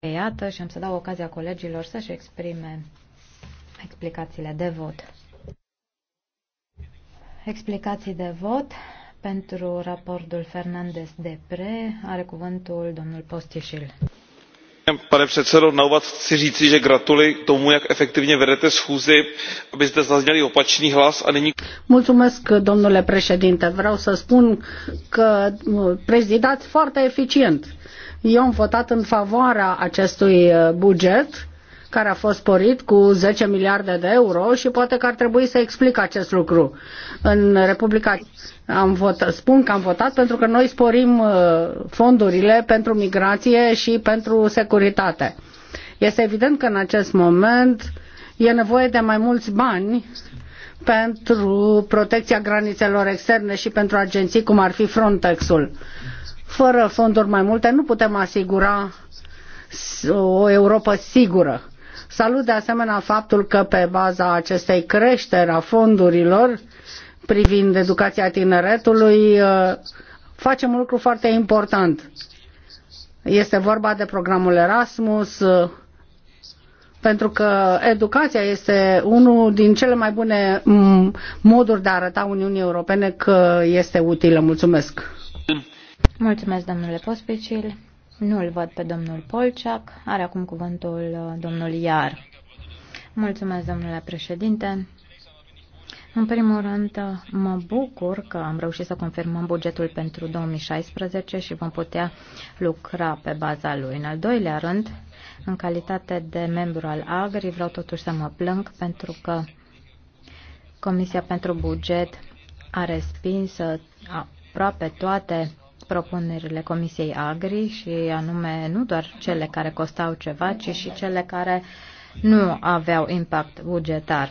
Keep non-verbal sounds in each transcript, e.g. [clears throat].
încheiată și am să dau ocazia colegilor să-și exprime explicațiile de vot. Explicații de vot pentru raportul Fernandez de Pre are cuvântul domnul Postișil. Pane předsedo, na úvod chci říci, že gratuluji tomu, jak efektivně vedete schůzi, abyste zazněli opačný hlas a nyní... Mulțumesc, domnule președinte. Vreau să spun că prezidați foarte eficient eu am votat în favoarea acestui uh, buget care a fost sporit cu 10 miliarde de euro și poate că ar trebui să explic acest lucru. În Republica am votat, spun că am votat pentru că noi sporim uh, fondurile pentru migrație și pentru securitate. Este evident că în acest moment e nevoie de mai mulți bani pentru protecția granițelor externe și pentru agenții cum ar fi Frontexul. ul fără fonduri mai multe nu putem asigura o Europa sigură. Salut de asemenea faptul că pe baza acestei creșteri a fondurilor privind educația tineretului uh, facem un lucru foarte important. Este vorba de programul Erasmus, uh, pentru că educația este unul din cele mai bune moduri de a arăta Uniunii Europene că este utilă. Mulțumesc! Mulțumesc, domnule Pospicil. Nu-l văd pe domnul Polciac. Are acum cuvântul uh, domnul Iar. Mulțumesc, domnule președinte. În primul rând, uh, mă bucur că am reușit să confirmăm bugetul pentru 2016 și vom putea lucra pe baza lui. În al doilea rând, în calitate de membru al AGRI, vreau totuși să mă plâng pentru că Comisia pentru Buget a respins uh, aproape toate propunerile Comisiei Agri și anume nu doar cele care costau ceva, ci și cele care nu aveau impact bugetar.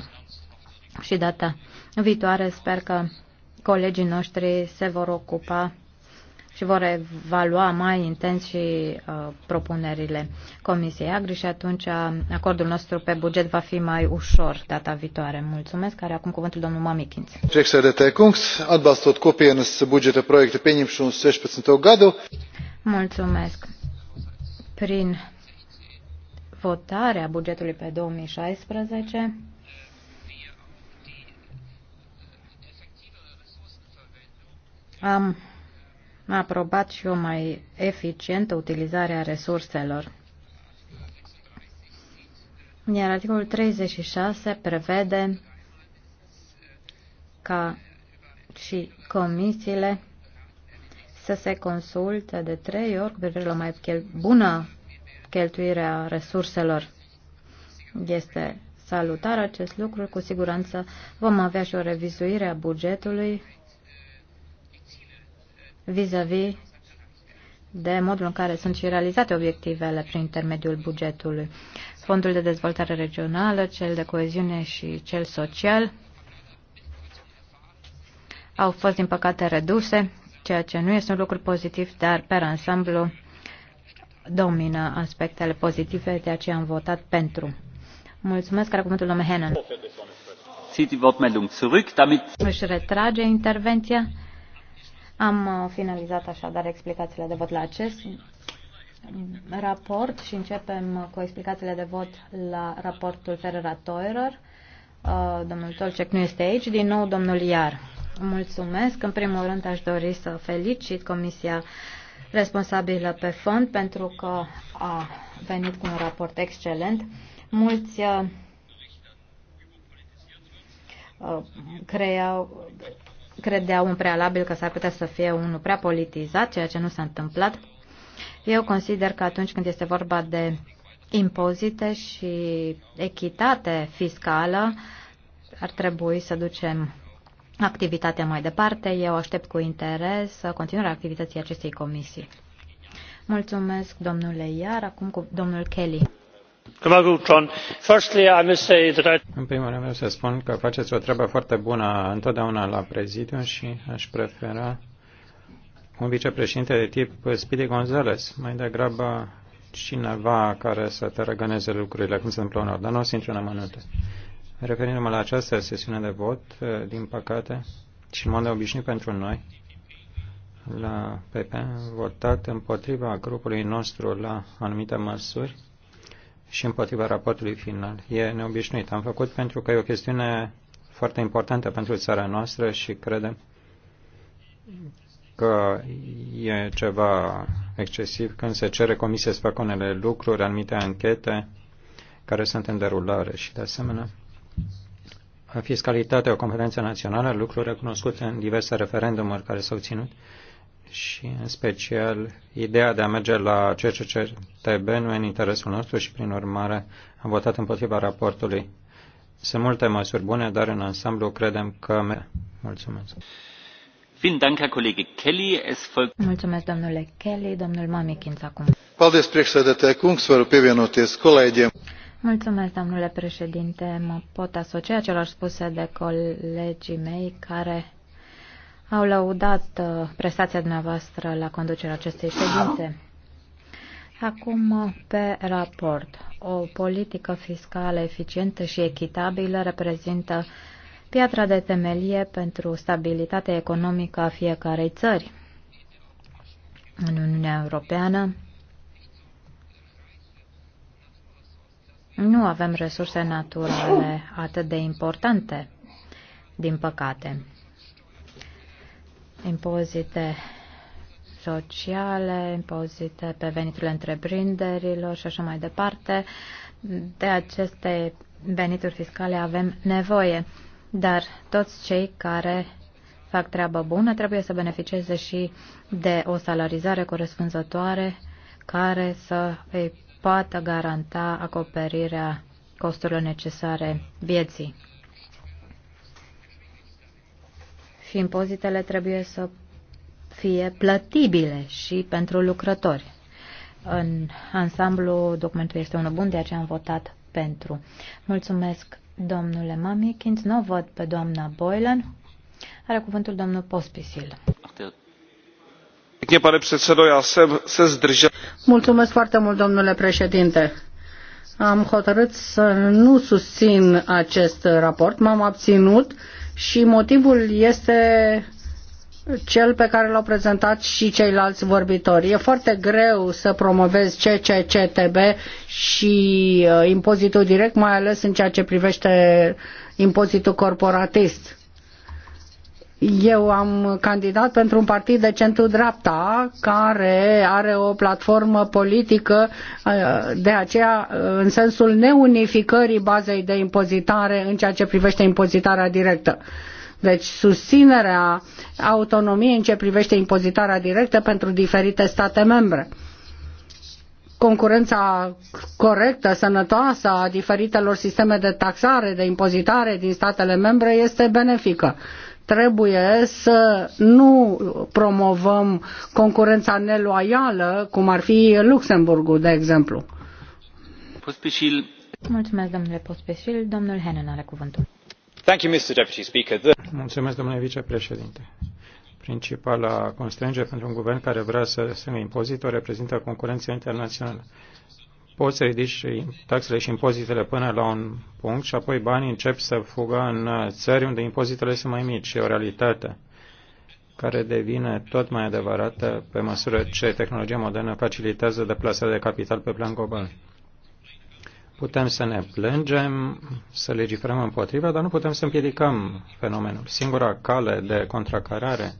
Și data viitoare sper că colegii noștri se vor ocupa și vor evalua mai intens și uh, propunerile Comisiei Agri și atunci uh, acordul nostru pe buget va fi mai ușor data viitoare. Mulțumesc. Are acum cuvântul domnul Mamikins. Mulțumesc. Prin votarea bugetului pe 2016 am a aprobat și o mai eficientă utilizare a resurselor. Iar articolul 36 prevede ca și comisiile să se consulte de trei ori cu privire la mai bună cheltuire a resurselor. Este salutar acest lucru, cu siguranță vom avea și o revizuire a bugetului vis-a-vis -vis de modul în care sunt și realizate obiectivele prin intermediul bugetului. Fondul de dezvoltare regională, cel de coeziune și cel social au fost, din păcate, reduse, ceea ce nu este un lucru pozitiv, dar, pe ansamblu, domină aspectele pozitive, de aceea am votat pentru. Mulțumesc, are cuvântul domnul Hennen. Își retrage intervenția. Am uh, finalizat așadar explicațiile de vot la acest raport și începem uh, cu explicațiile de vot la raportul ferrera Toirer. Uh, domnul Tolcec nu este aici, din nou domnul Iar. Mulțumesc. În primul rând aș dori să felicit Comisia responsabilă pe fond pentru că a venit cu un raport excelent. Mulți creau, credeau în prealabil că s-ar putea să fie unul prea politizat, ceea ce nu s-a întâmplat. Eu consider că atunci când este vorba de impozite și echitate fiscală, ar trebui să ducem activitatea mai departe. Eu aștept cu interes continuarea activității acestei comisii. Mulțumesc, domnule Iar. Acum cu domnul Kelly în primul rând vreau să spun că faceți o treabă foarte bună întotdeauna la prezidiu și aș prefera un vicepreședinte de tip Speedy Gonzales, mai degrabă cineva care să te răgăneze lucrurile cum se întâmplă unor, dar nu o să intru în amănunte. Referindu-mă la această sesiune de vot, din păcate, și în mod de obișnuit pentru noi, la PP, votat împotriva grupului nostru la anumite măsuri, și împotriva raportului final. E neobișnuit. Am făcut pentru că e o chestiune foarte importantă pentru țara noastră și credem că e ceva excesiv când se cere comisie să facă unele lucruri, anumite anchete care sunt în derulare și de asemenea fiscalitatea o competență națională, lucruri recunoscute în diverse referendumuri care s-au ținut și, în special, ideea de a merge la CCCTB nu e în interesul nostru și, prin urmare, am votat împotriva raportului. Sunt multe măsuri bune, dar, în ansamblu, credem că... Mulțumesc. Mulțumesc, domnule Kelly. Domnul Mamikins acum. Mulțumesc, domnule președinte. Mă pot asocia celor spuse de colegii mei care au laudat uh, prestația dumneavoastră la conducerea acestei ședințe. Acum, uh, pe raport, o politică fiscală eficientă și echitabilă reprezintă piatra de temelie pentru stabilitatea economică a fiecarei țări. În Uniunea Europeană nu avem resurse naturale atât de importante, din păcate impozite sociale, impozite pe veniturile întreprinderilor și așa mai departe. De aceste venituri fiscale avem nevoie, dar toți cei care fac treabă bună trebuie să beneficieze și de o salarizare corespunzătoare care să îi poată garanta acoperirea costurilor necesare vieții. și impozitele trebuie să fie plătibile și pentru lucrători. În ansamblu, documentul este unul bun, de aceea am votat pentru. Mulțumesc, domnule Mamichins. Nu văd pe doamna Boylan. Are cuvântul domnul Pospisil. Mulțumesc foarte mult, domnule președinte. Am hotărât să nu susțin acest raport. M-am abținut și motivul este cel pe care l-au prezentat și ceilalți vorbitori. E foarte greu să promovezi CCCTB și uh, impozitul direct, mai ales în ceea ce privește impozitul corporatist. Eu am candidat pentru un partid de centru-dreapta care are o platformă politică uh, de aceea uh, în sensul neunificării bazei de impozitare în ceea ce privește impozitarea directă. Deci susținerea autonomiei în ce privește impozitarea directă pentru diferite state membre concurența corectă, sănătoasă a diferitelor sisteme de taxare, de impozitare din statele membre este benefică trebuie să nu promovăm concurența neloială, cum ar fi Luxemburgul, de exemplu. Pospișil. Mulțumesc, domnule Pospișil. Domnul Hennen are cuvântul. Thank you, Mr. Deputy Speaker. The... Mulțumesc, domnule vicepreședinte. Principala constrângere pentru un guvern care vrea să se impozit o reprezintă concurența internațională poți să ridici taxele și impozitele până la un punct și apoi banii încep să fugă în uh, țări unde impozitele sunt mai mici. E o realitate care devine tot mai adevărată pe măsură ce tehnologia modernă facilitează deplasarea de capital pe plan global. Putem să ne plângem, să legiferăm împotriva, dar nu putem să împiedicăm fenomenul. Singura cale de contracarare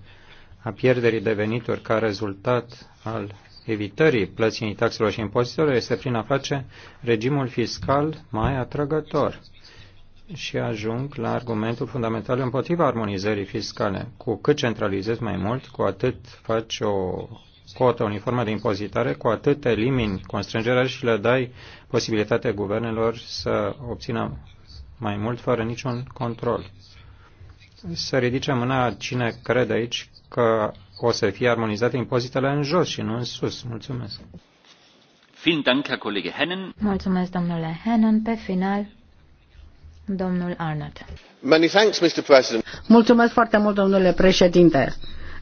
a pierderii de venituri ca rezultat al evitării plății taxelor și impozitelor este prin a face regimul fiscal mai atrăgător și ajung la argumentul fundamental împotriva armonizării fiscale. Cu cât centralizezi mai mult, cu atât faci o cotă uniformă de impozitare, cu atât elimini constrângerea și le dai posibilitatea guvernelor să obțină mai mult fără niciun control. Să ridice mâna cine crede aici că o să fie armonizate impozitele în jos și nu în sus. Mulțumesc. Mulțumesc, domnule Hennen. Pe final, domnul Arnott. Mulțumesc foarte mult, domnule președinte.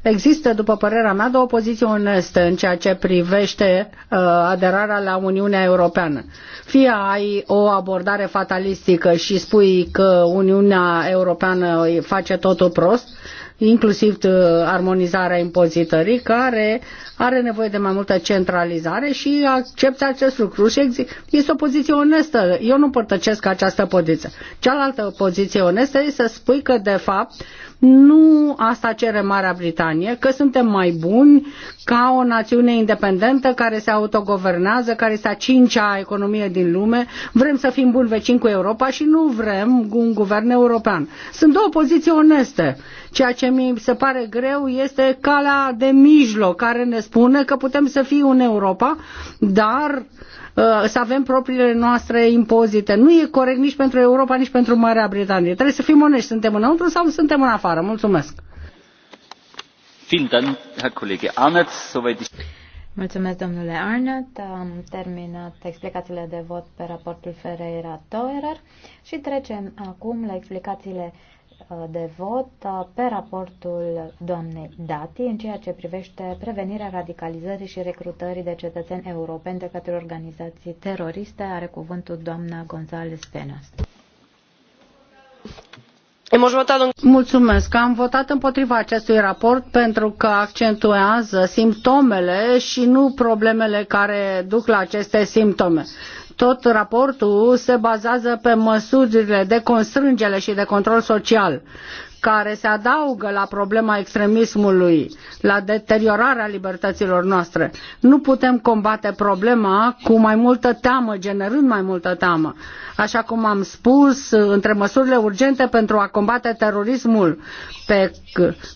Există, după părerea mea, două poziții oneste în ceea ce privește uh, aderarea la Uniunea Europeană. Fie ai o abordare fatalistică și spui că Uniunea Europeană face totul prost, inclusiv uh, armonizarea impozitării, care are nevoie de mai multă centralizare și acceptă acest lucru. Și este o poziție onestă. Eu nu părtăcesc această poziție. Cealaltă poziție onestă este să spui că, de fapt, nu asta cere Marea Britanie, că suntem mai buni ca o națiune independentă care se autogovernează, care este a cincea economie din lume. Vrem să fim buni vecini cu Europa și nu vrem un guvern european. Sunt două poziții oneste. Ceea ce mi se pare greu este calea de mijloc care ne spune că putem să fim în Europa, dar uh, Uh, să avem propriile noastre impozite. Nu e corect nici pentru Europa, nici pentru Marea Britanie. Trebuie să fim onești. Suntem înăuntru sau suntem în afară? Mulțumesc! Mulțumesc, domnule Arnott. Am terminat explicațiile de vot pe raportul Ferreira-Toerer și trecem acum la explicațiile Uh, de vot uh, pe raportul doamnei Dati în ceea ce privește prevenirea radicalizării și recrutării de cetățeni europeni de către organizații teroriste. Are cuvântul doamna González Penas. Mulțumesc. Am votat împotriva acestui raport pentru că accentuează simptomele și nu problemele care duc la aceste simptome. Tot raportul se bazează pe măsurile de constrângere și de control social care se adaugă la problema extremismului, la deteriorarea libertăților noastre. Nu putem combate problema cu mai multă teamă, generând mai multă teamă. Așa cum am spus, între măsurile urgente pentru a combate terorismul pe,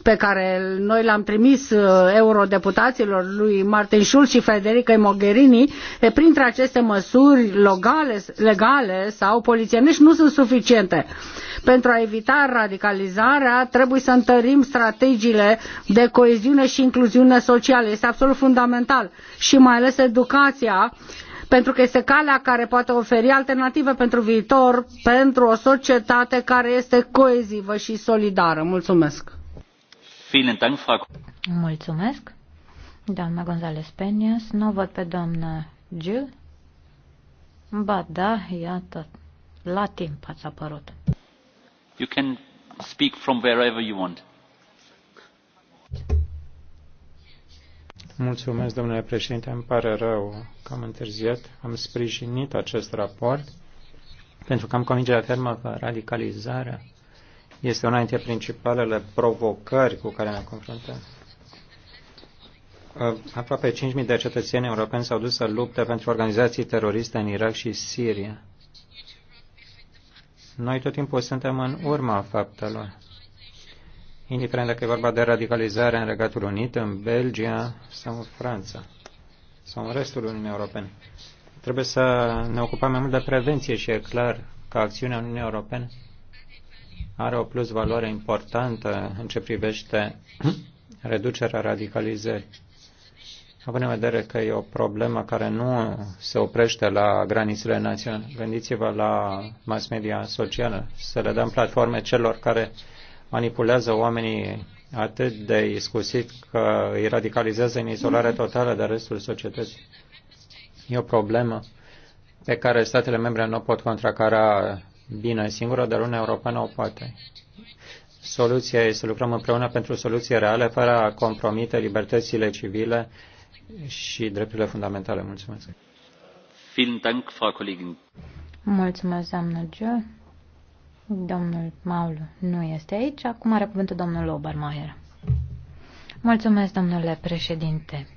pe care noi l-am trimis uh, eurodeputaților lui Martin Schulz și Federica Mogherini, e, printre aceste măsuri legale, legale sau polițienești nu sunt suficiente pentru a evita radicalizarea urmare trebuie să întărim strategiile de coeziune și incluziune socială. Este absolut fundamental și mai ales educația pentru că este calea care poate oferi alternative pentru viitor, pentru o societate care este coezivă și solidară. Mulțumesc! Mulțumesc! Doamna González Peñas, nu văd pe doamna Gil. Ba da, iată, la timp ați apărut. You can speak from wherever you want. Mulțumesc, domnule președinte. Îmi pare rău că am întârziat. Am sprijinit acest raport pentru că am convingerea fermă că radicalizarea este una dintre principalele provocări cu care ne confruntăm. Uh, aproape 5.000 de cetățeni europeni s-au dus să lupte pentru organizații teroriste în Irak și Siria. Noi tot timpul suntem în urma faptelor. Indiferent dacă e vorba de radicalizare în Regatul Unit, în Belgia sau în Franța sau în restul Uniunii Europene. Trebuie să ne ocupăm mai mult de prevenție și e clar că acțiunea Uniunii Europene are o plus valoare importantă în ce privește [clears throat] reducerea radicalizării având în vedere că e o problemă care nu se oprește la granițele naționale, gândiți-vă la mass media socială, să le dăm platforme celor care manipulează oamenii atât de iscusit că îi radicalizează în izolare totală de restul societății. E o problemă pe care statele membre nu pot contracara bine singură, dar Uniunea Europeană o poate. Soluția este să lucrăm împreună pentru soluții reale, fără a compromite libertățile civile, și drepturile fundamentale. Mulțumesc. Mulțumesc, doamnă Gio. Domnul Maul nu este aici. Acum are cuvântul domnul Obermeier. Mulțumesc, domnule președinte.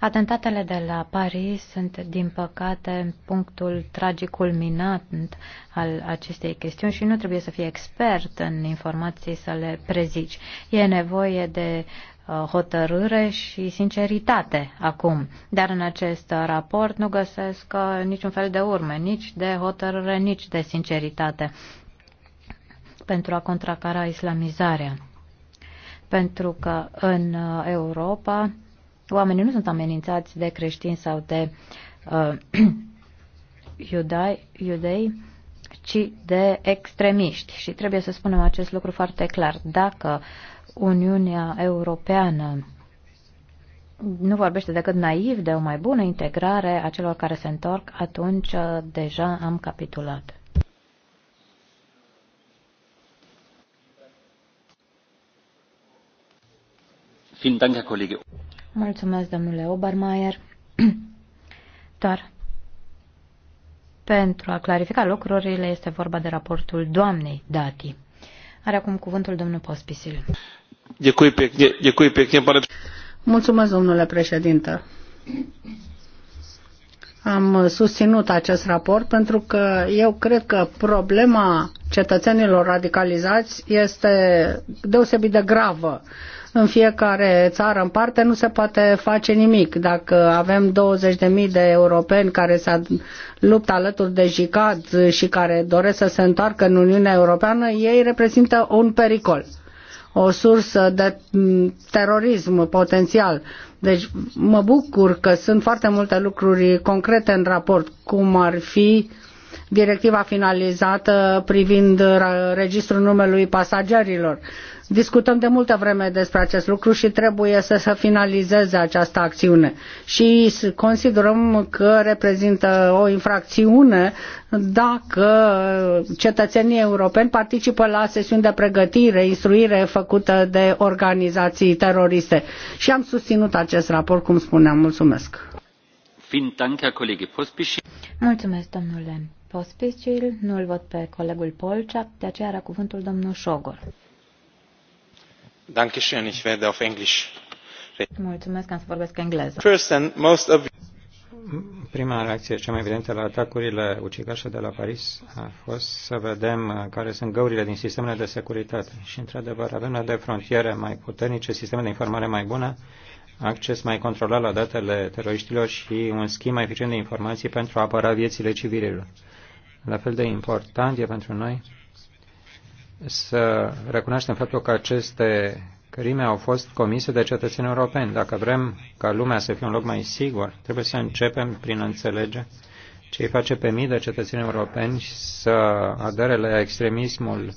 Atentatele de la Paris sunt, din păcate, punctul tragic culminant al acestei chestiuni și nu trebuie să fii expert în informații să le prezici. E nevoie de Uh, hotărâre și sinceritate acum. Dar în acest raport nu găsesc uh, niciun fel de urme, nici de hotărâre, nici de sinceritate pentru a contracara islamizarea. Pentru că în uh, Europa oamenii nu sunt amenințați de creștini sau de uh, [clears throat] iudai, iudei, ci de extremiști. Și trebuie să spunem acest lucru foarte clar. Dacă uh, Uniunea Europeană nu vorbește decât naiv de o mai bună integrare a celor care se întorc, atunci uh, deja am capitulat. Mulțumesc, domnule Obermeier. [clears throat] Doar pentru a clarifica lucrurile este vorba de raportul doamnei Dati. Are acum cuvântul domnul Pospisil. Mulțumesc, domnule președinte. Am susținut acest raport pentru că eu cred că problema cetățenilor radicalizați este deosebit de gravă în fiecare țară în parte nu se poate face nimic. Dacă avem 20.000 de europeni care se luptă alături de JICAD și care doresc să se întoarcă în Uniunea Europeană, ei reprezintă un pericol o sursă de terorism potențial. Deci mă bucur că sunt foarte multe lucruri concrete în raport, cum ar fi directiva finalizată privind registrul numelui pasagerilor Discutăm de multă vreme despre acest lucru și trebuie să se finalizeze această acțiune. Și considerăm că reprezintă o infracțiune dacă cetățenii europeni participă la sesiuni de pregătire, instruire făcută de organizații teroriste. Și am susținut acest raport, cum spuneam. Mulțumesc. Mulțumesc, domnule Pospicil. Nu-l văd pe colegul Polcea, de aceea are cuvântul domnul Șogor. Mulțumesc, am să vorbesc engleză. First and most Prima reacție cea mai evidentă la atacurile ucigașe de la Paris a fost să vedem uh, care sunt găurile din sistemele de securitate. Și, într-adevăr, avem la de frontiere mai puternice, sisteme de informare mai bune, acces mai controlat la datele teroriștilor și un schimb mai eficient de informații pentru a apăra viețile civililor. La fel de important e pentru noi să recunoaștem faptul că aceste crime au fost comise de cetățeni europeni. Dacă vrem ca lumea să fie un loc mai sigur, trebuie să începem prin a înțelege ce îi face pe mii de cetățeni europeni să adere la extremismul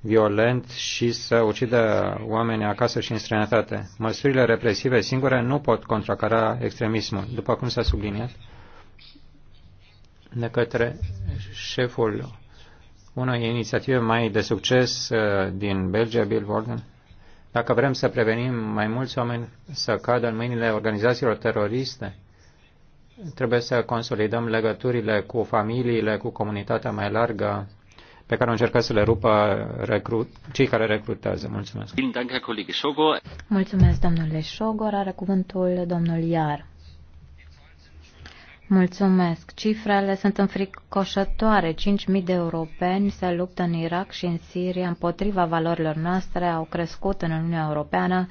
violent și să ucidă oamenii acasă și în străinătate. Măsurile represive singure nu pot contracara extremismul, după cum s-a subliniat de către șeful una inițiative mai de succes uh, din Belgia, Bill Warden, dacă vrem să prevenim mai mulți oameni să cadă în mâinile organizațiilor teroriste, trebuie să consolidăm legăturile cu familiile, cu comunitatea mai largă pe care o încercă să le rupă recrut, cei care recrutează. Mulțumesc. Mulțumesc, domnule Șogor. Are cuvântul domnul Iar. Mulțumesc. Cifrele sunt înfricoșătoare. 5.000 de europeni se luptă în Irak și în Siria împotriva valorilor noastre, au crescut în Uniunea Europeană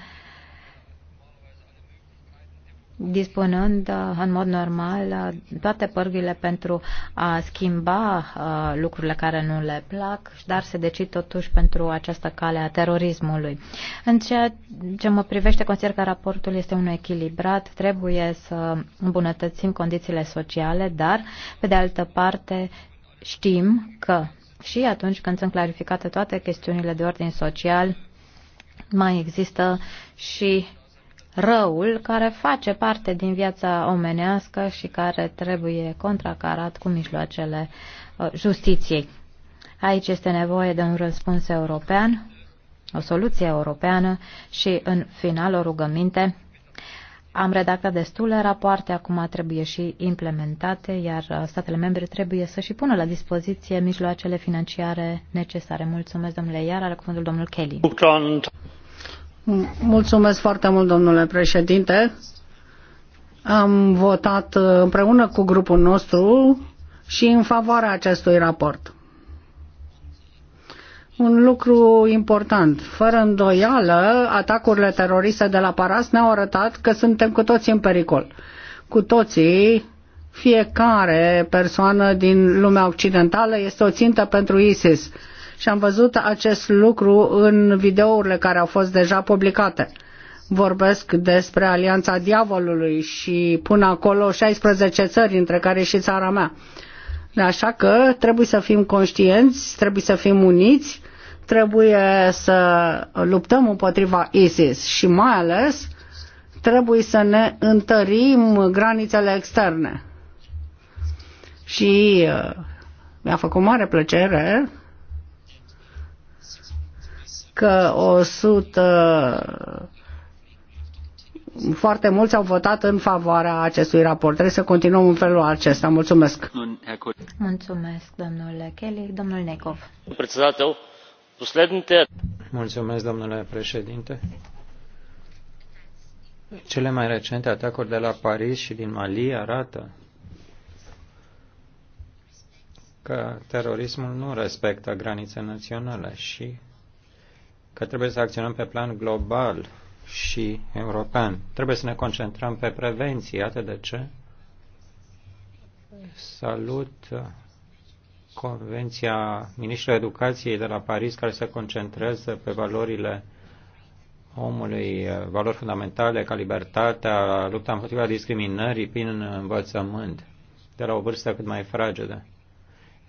dispunând uh, în mod normal uh, toate pârghile pentru a schimba uh, lucrurile care nu le plac, dar se decid totuși pentru această cale a terorismului. În ceea ce mă privește, consider că raportul este unul echilibrat, trebuie să îmbunătățim condițiile sociale, dar, pe de altă parte, știm că și atunci când sunt clarificate toate chestiunile de ordin social, mai există și răul care face parte din viața omenească și care trebuie contracarat cu mijloacele uh, justiției. Aici este nevoie de un răspuns european, o soluție europeană și, în final, o rugăminte. Am redactat destule rapoarte, acum trebuie și implementate, iar uh, statele membre trebuie să și pună la dispoziție mijloacele financiare necesare. Mulțumesc, domnule Iar, are cuvântul domnul Kelly. Mulțumesc foarte mult, domnule președinte. Am votat uh, împreună cu grupul nostru și în favoarea acestui raport. Un lucru important. Fără îndoială, atacurile teroriste de la Paras ne-au arătat că suntem cu toții în pericol. Cu toții, fiecare persoană din lumea occidentală este o țintă pentru ISIS și am văzut acest lucru în videourile care au fost deja publicate. Vorbesc despre Alianța Diavolului și pun acolo 16 țări, între care și țara mea. Așa că trebuie să fim conștienți, trebuie să fim uniți, trebuie să luptăm împotriva ISIS și mai ales trebuie să ne întărim granițele externe. Și uh, mi-a făcut mare plăcere că 100 foarte mulți au votat în favoarea acestui raport. Trebuie să continuăm în felul acesta. Mulțumesc. Mulțumesc, domnule Kelly. Domnul Necov. Mulțumesc, domnule președinte. Cele mai recente atacuri de la Paris și din Mali arată că terorismul nu respectă granițe naționale și că trebuie să acționăm pe plan global și european. Trebuie să ne concentrăm pe prevenție, iată de ce. Salut Convenția Ministrilor Educației de la Paris care se concentrează pe valorile omului, valori fundamentale ca libertatea, lupta împotriva discriminării prin învățământ de la o vârstă cât mai fragedă.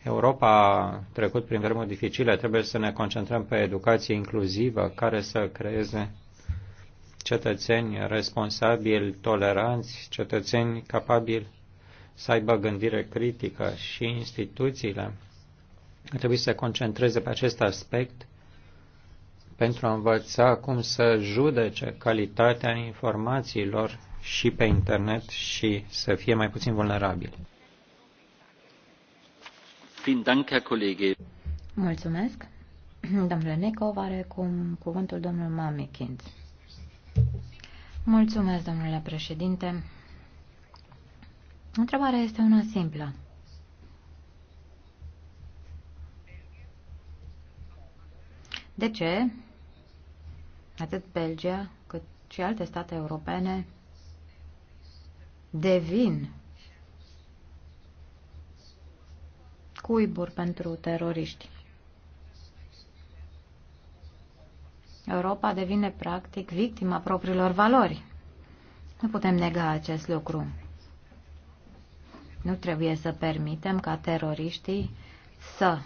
Europa a trecut prin vremuri dificile, trebuie să ne concentrăm pe educație inclusivă care să creeze cetățeni responsabili, toleranți, cetățeni capabili să aibă gândire critică și instituțiile Trebuie să se concentreze pe acest aspect pentru a învăța cum să judece calitatea informațiilor și pe internet și să fie mai puțin vulnerabili. Mulțumesc. [clears throat] Domnule Necov are cum cuvântul domnul Mamikins. Mulțumesc, domnule președinte. Întrebarea este una simplă. De ce atât Belgia cât și alte state europene devin cuiburi pentru teroriști. Europa devine practic victima propriilor valori. Nu putem nega acest lucru. Nu trebuie să permitem ca teroriștii să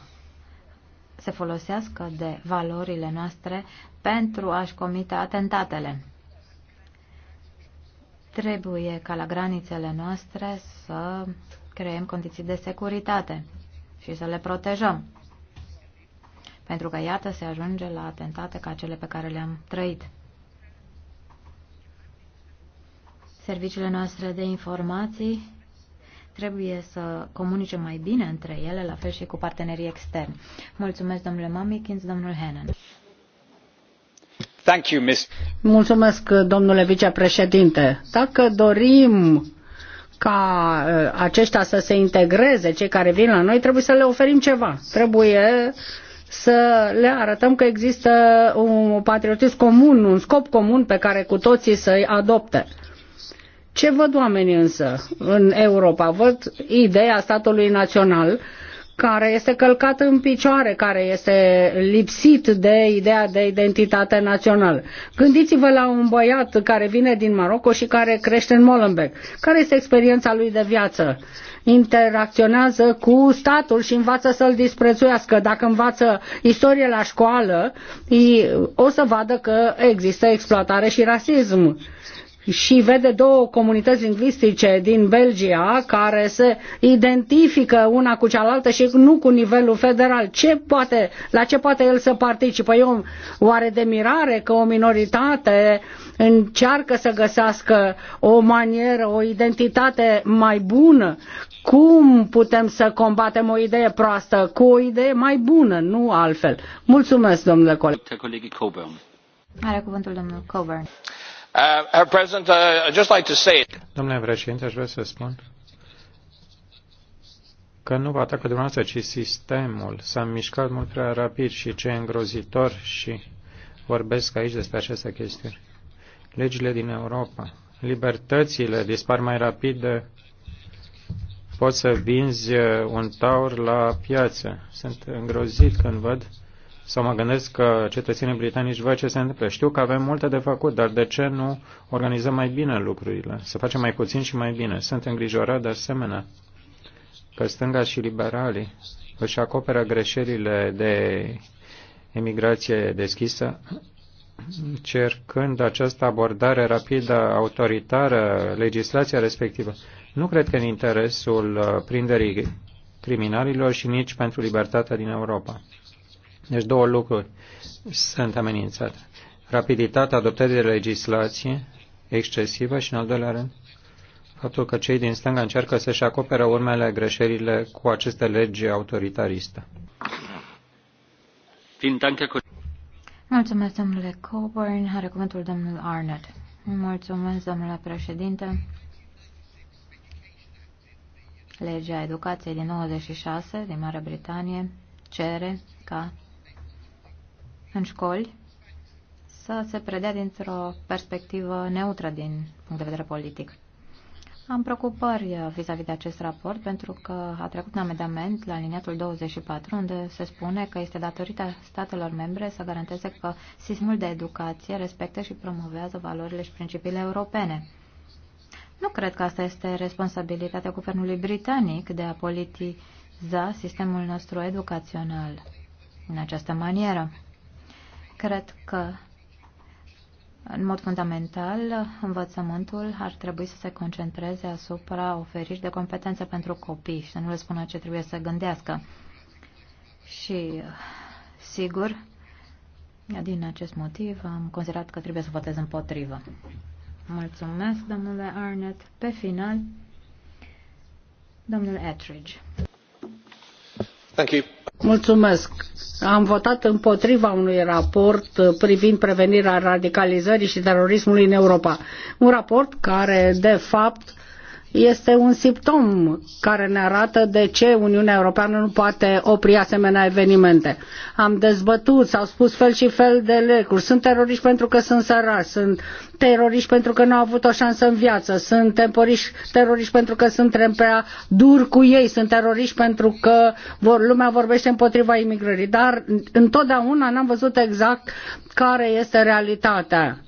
se folosească de valorile noastre pentru a-și comite atentatele. Trebuie ca la granițele noastre să creăm condiții de securitate și să le protejăm. Pentru că, iată, se ajunge la atentate ca cele pe care le-am trăit. Serviciile noastre de informații trebuie să comunice mai bine între ele, la fel și cu partenerii externi. Mulțumesc, domnule Mamikins, domnul Hennen. Mulțumesc, domnule vicepreședinte. Dacă dorim ca ă, aceștia să se integreze, cei care vin la noi, trebuie să le oferim ceva. Trebuie să le arătăm că există un patriotism comun, un scop comun pe care cu toții să-i adopte. Ce văd oamenii însă în Europa? Văd ideea statului național care este călcat în picioare, care este lipsit de ideea de identitate națională. Gândiți-vă la un băiat care vine din Maroco și care crește în Molenbeek. Care este experiența lui de viață? Interacționează cu statul și învață să-l disprețuiască. Dacă învață istorie la școală, o să vadă că există exploatare și rasism și vede două comunități lingvistice din Belgia care se identifică una cu cealaltă și nu cu nivelul federal. Ce poate, la ce poate el să participe? Eu oare de mirare că o minoritate încearcă să găsească o manieră, o identitate mai bună? Cum putem să combatem o idee proastă cu o idee mai bună, nu altfel? Mulțumesc, domnule coleg. Are cuvântul domnul Coburn. Uh, uh, Domnule președinte, aș vrea să spun că nu vă atacă dumneavoastră, ci sistemul. S-a mișcat mult prea rapid și ce îngrozitor și vorbesc aici despre aceste chestiuni. Legile din Europa, libertățile dispar mai rapid de poți să vinzi un taur la piață. Sunt îngrozit când văd sau mă gândesc că cetățenii britanici văd ce se întâmplă. Știu că avem multe de făcut, dar de ce nu organizăm mai bine lucrurile? Să facem mai puțin și mai bine. Sunt îngrijorat de asemenea că stânga și liberalii își acoperă greșelile de emigrație deschisă, cercând această abordare rapidă, autoritară, legislația respectivă. Nu cred că în interesul uh, prinderii criminalilor și nici pentru libertatea din Europa. Deci două lucruri sunt amenințate. Rapiditatea adoptării de legislație excesivă și, în al doilea rând, faptul că cei din stânga încearcă să-și acopere urmele greșelile cu aceste legi autoritariste. Mulțumesc, domnule Coburn. Are cuvântul domnul Arnett. Mulțumesc, domnule președinte. Legea educației din 96 din Marea Britanie cere ca în școli să se predea dintr-o perspectivă neutră din punct de vedere politic. Am preocupări vis-a-vis -vis de acest raport pentru că a trecut un amendament la liniatul 24 unde se spune că este datorită statelor membre să garanteze că sistemul de educație respectă și promovează valorile și principiile europene. Nu cred că asta este responsabilitatea guvernului britanic de a politiza sistemul nostru educațional în această manieră. Cred că, în mod fundamental, învățământul ar trebui să se concentreze asupra oferirii de competențe pentru copii și să nu le spună ce trebuie să gândească. Și, sigur, din acest motiv am considerat că trebuie să votez împotrivă. Mulțumesc, domnule Arnett. Pe final, domnul Etridge. Thank you. Mulțumesc. Am votat împotriva unui raport privind prevenirea radicalizării și terorismului în Europa. Un raport care, de fapt, este un simptom care ne arată de ce Uniunea Europeană nu poate opri asemenea evenimente. Am dezbătut, s-au spus fel și fel de lucruri. Sunt teroriști pentru că sunt săraci, sunt teroriști pentru că nu au avut o șansă în viață, sunt teroriști, teroriști pentru că sunt prea dur cu ei, sunt teroriști pentru că vor, lumea vorbește împotriva imigrării. Dar întotdeauna n-am văzut exact care este realitatea.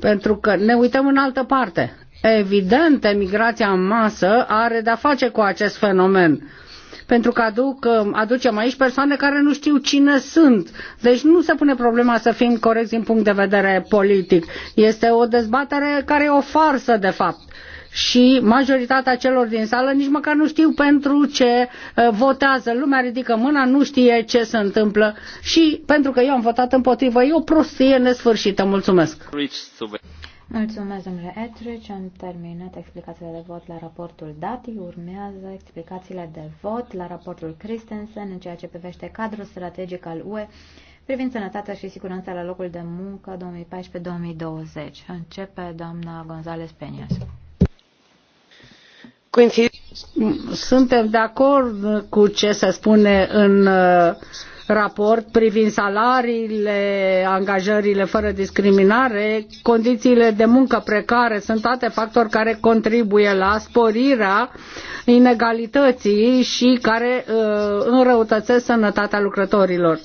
Pentru că ne uităm în altă parte evident, emigrația în masă are de-a face cu acest fenomen. Pentru că aduc, uh, aducem aici persoane care nu știu cine sunt. Deci nu se pune problema să fim corecți din punct de vedere politic. Este o dezbatere care e o farsă, de fapt și majoritatea celor din sală nici măcar nu știu pentru ce uh, votează. Lumea ridică mâna, nu știe ce se întâmplă și pentru că eu am votat împotrivă, e o prostie nesfârșită. Mulțumesc! Mulțumesc, domnule Etrici. Am terminat explicațiile de vot la raportul DATI. Urmează explicațiile de vot la raportul Christensen în ceea ce privește cadrul strategic al UE privind sănătatea și siguranța la locul de muncă 2014-2020. Începe doamna González Peñas. Suntem de acord cu ce se spune în uh, raport privind salariile, angajările fără discriminare, condițiile de muncă precare sunt toate factori care contribuie la sporirea inegalității și care uh, înrăutățesc sănătatea lucrătorilor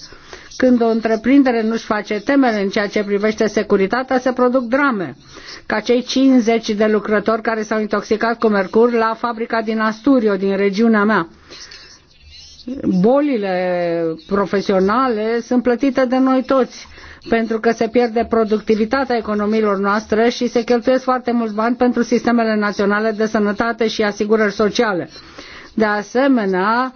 când o întreprindere nu-și face temele în ceea ce privește securitatea, se produc drame, ca cei 50 de lucrători care s-au intoxicat cu mercur la fabrica din Asturio, din regiunea mea bolile profesionale sunt plătite de noi toți pentru că se pierde productivitatea economiilor noastre și se cheltuiesc foarte mulți bani pentru sistemele naționale de sănătate și asigurări sociale. De asemenea,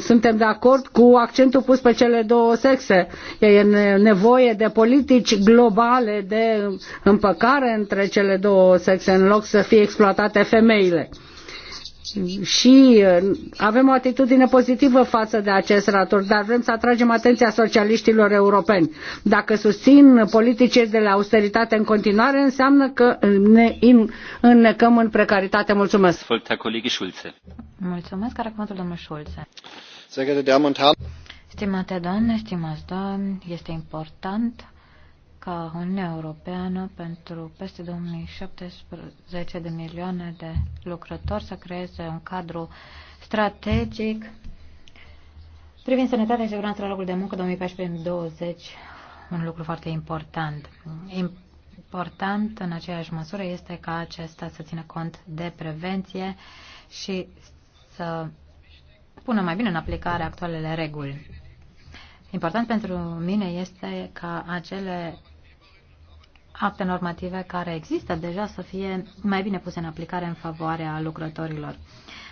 suntem de acord cu accentul pus pe cele două sexe. E nevoie de politici globale de împăcare între cele două sexe în loc să fie exploatate femeile și uh, avem o atitudine pozitivă față de acest raport, dar vrem să atragem atenția socialiștilor europeni. Dacă susțin politice de la austeritate în continuare, înseamnă că ne înnecăm în precaritate. Mulțumesc. Mulțumesc, care cuvântul domnul Schulze. Stimate doamne, stimați doamne, este important ca Uniunea Europeană pentru peste 2017 de milioane de lucrători să creeze un cadru strategic privind sănătatea și siguranța la locul de muncă 2014-2020, un lucru foarte important. Important în aceeași măsură este ca acesta să țină cont de prevenție și să pună mai bine în aplicare actualele reguli. Important pentru mine este ca acele acte normative care există deja să fie mai bine puse în aplicare în favoarea lucrătorilor.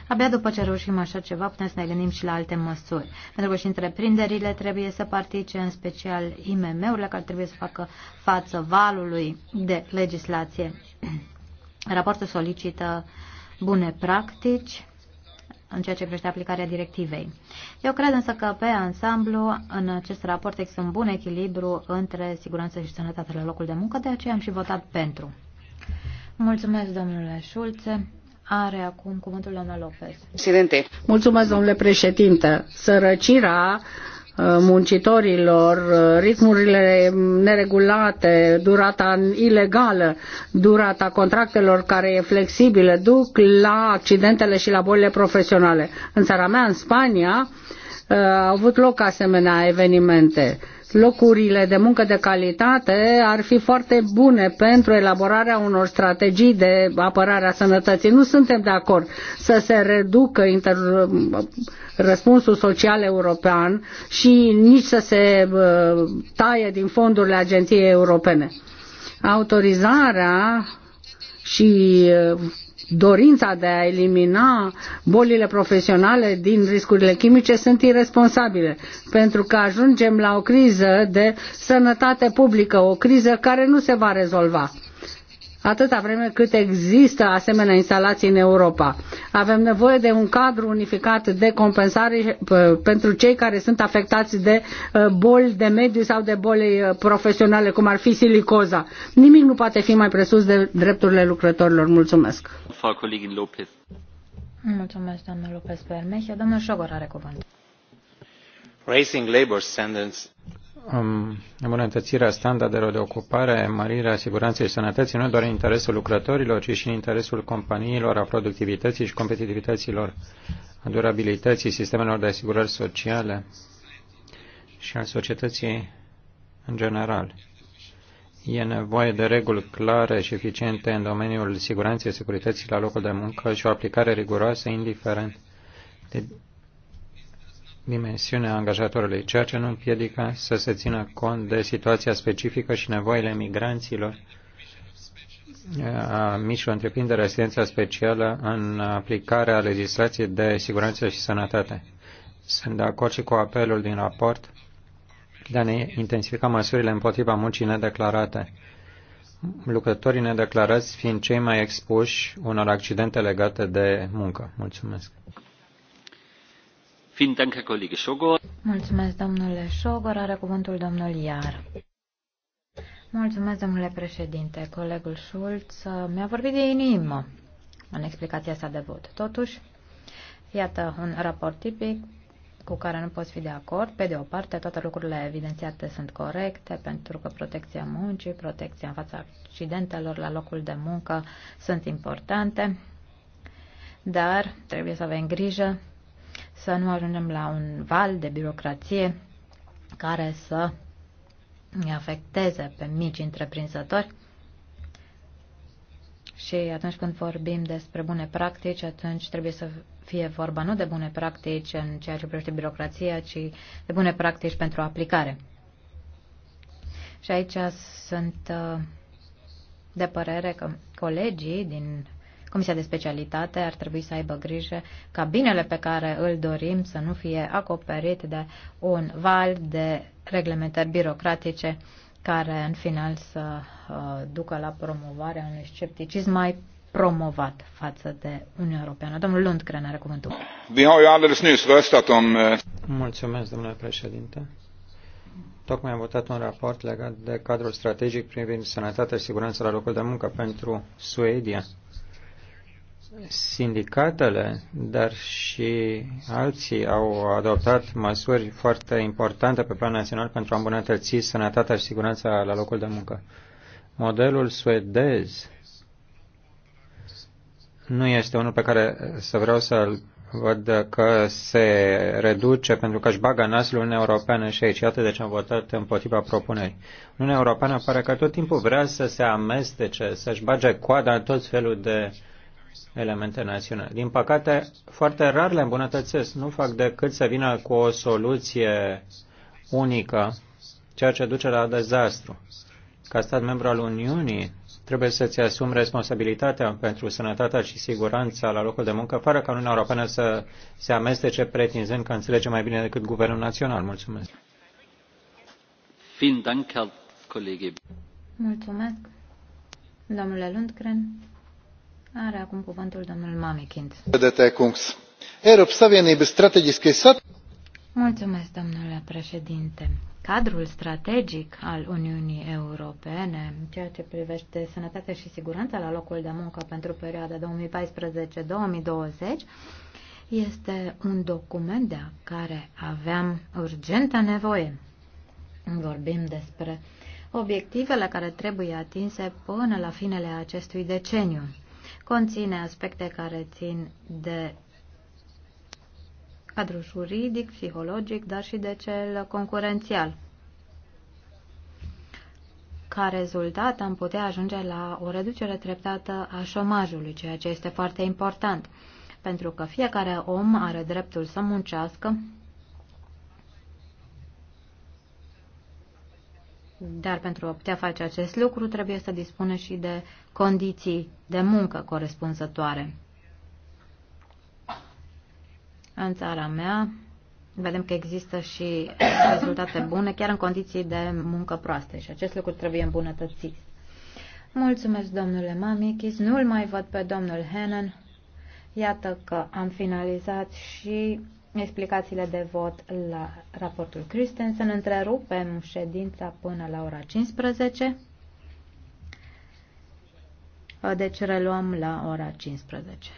Abia după ce reușim așa ceva, putem să ne gândim și la alte măsuri. Pentru că și întreprinderile trebuie să participe, în special IMM-urile, care trebuie să facă față valului de legislație. [clears throat] Raportul solicită bune practici, în ceea ce privește aplicarea directivei. Eu cred însă că pe ansamblu în acest raport există un bun echilibru între siguranță și sănătate la locul de muncă, de aceea am și votat pentru. Mulțumesc, domnule Șulțe. Are acum cuvântul doamna Lopez. Mulțumesc, domnule președinte. Sărăcirea muncitorilor, ritmurile neregulate, durata ilegală, durata contractelor care e flexibilă, duc la accidentele și la bolile profesionale. În țara mea, în Spania, uh, au avut loc asemenea evenimente locurile de muncă de calitate ar fi foarte bune pentru elaborarea unor strategii de apărare a sănătății. Nu suntem de acord să se reducă inter... răspunsul social european și nici să se taie din fondurile agenției europene. Autorizarea și dorința de a elimina bolile profesionale din riscurile chimice sunt irresponsabile, pentru că ajungem la o criză de sănătate publică, o criză care nu se va rezolva atâta vreme cât există asemenea instalații în Europa. Avem nevoie de un cadru unificat de compensare eh, pentru cei care sunt afectați de eh, boli de mediu sau de boli eh, profesionale, cum ar fi silicoza. Nimic nu poate fi mai presus de drepturile lucrătorilor. Mulțumesc! Mulțumesc, doamnă Lopez Bermechia. Domnul Șogor are Raising standards îmbunătățirea standardelor de ocupare, mărirea siguranței și sănătății, nu doar în interesul lucrătorilor, ci și în interesul companiilor, a productivității și competitivităților, a durabilității sistemelor de asigurări sociale și a societății în general. E nevoie de reguli clare și eficiente în domeniul siguranței securității la locul de muncă și o aplicare riguroasă, indiferent de dimensiunea angajatorului, ceea ce nu împiedică să se țină cont de situația specifică și nevoile migranților a micilor întreprinderi asistența specială în aplicarea legislației de siguranță și sănătate. Sunt de acord și cu apelul din raport de a ne intensifica măsurile împotriva muncii nedeclarate, lucrătorii nedeclarați fiind cei mai expuși unor accidente legate de muncă. Mulțumesc. Mulțumesc, domnule Șogor. Are cuvântul domnul Iar. Mulțumesc, domnule președinte. Colegul Schulz uh, mi-a vorbit de inimă în explicația sa de vot. Totuși, iată un raport tipic cu care nu poți fi de acord. Pe de o parte, toate lucrurile evidențiate sunt corecte, pentru că protecția muncii, protecția în fața accidentelor la locul de muncă sunt importante, dar trebuie să avem grijă să nu ajungem la un val de birocrație care să îi afecteze pe mici întreprinzători. Și atunci când vorbim despre bune practici, atunci trebuie să fie vorba nu de bune practici în ceea ce privește birocrația, ci de bune practici pentru aplicare. Și aici sunt uh, de părere că colegii din Comisia de Specialitate ar trebui să aibă grijă ca binele pe care îl dorim să nu fie acoperit de un val de reglementări birocratice care în final să uh, ducă la promovarea unui scepticism mai promovat față de Uniunea Europeană. Domnul Lundgren are cuvântul. Eh, Mulțumesc, domnule președinte. Tocmai am votat un raport legat de cadrul strategic privind sănătatea și siguranța la locul de muncă pentru Suedia. Sindicatele, dar și alții au adoptat măsuri foarte importante pe plan național pentru a îmbunătăți sănătatea și siguranța la locul de muncă. Modelul suedez nu este unul pe care să vreau să-l văd că se reduce pentru că își bagă nasul Uniunea Europeană și aici. Iată de ce am votat împotriva propunerii. Uniunea Europeană pare că tot timpul vrea să se amestece, să-și bage coada în tot felul de uh, elemente naționale. Din păcate, foarte rar le îmbunătățesc. Nu fac decât să vină cu o soluție unică, ceea ce duce la dezastru. Ca stat membru al Uniunii, trebuie să-ți asumi responsabilitatea pentru sănătatea și siguranța la locul de muncă, fără ca Uniunea Europeană să se amestece pretinzând că înțelege mai bine decât Guvernul Național. Mulțumesc. Mulțumesc, domnule Lundgren. Are acum cuvântul domnul Mamikind. Mulțumesc, domnule președinte. Cadrul strategic al Uniunii Europene, ceea ce privește sănătatea și siguranța la locul de muncă pentru perioada 2014-2020, este un document de care aveam urgentă nevoie. Vorbim despre obiectivele care trebuie atinse până la finele acestui deceniu conține aspecte care țin de cadrul juridic, psihologic, dar și de cel concurențial. Ca rezultat am putea ajunge la o reducere treptată a șomajului, ceea ce este foarte important, pentru că fiecare om are dreptul să muncească, Dar pentru a putea face acest lucru trebuie să dispună și de condiții de muncă corespunzătoare. În țara mea vedem că există și rezultate bune, chiar în condiții de muncă proaste și acest lucru trebuie îmbunătățit. Mulțumesc, domnule Mamichis. Nu-l mai văd pe domnul Hennen. Iată că am finalizat și explicațiile de vot la raportul Christensen. Întrerupem ședința până la ora 15. Deci reluăm la ora 15.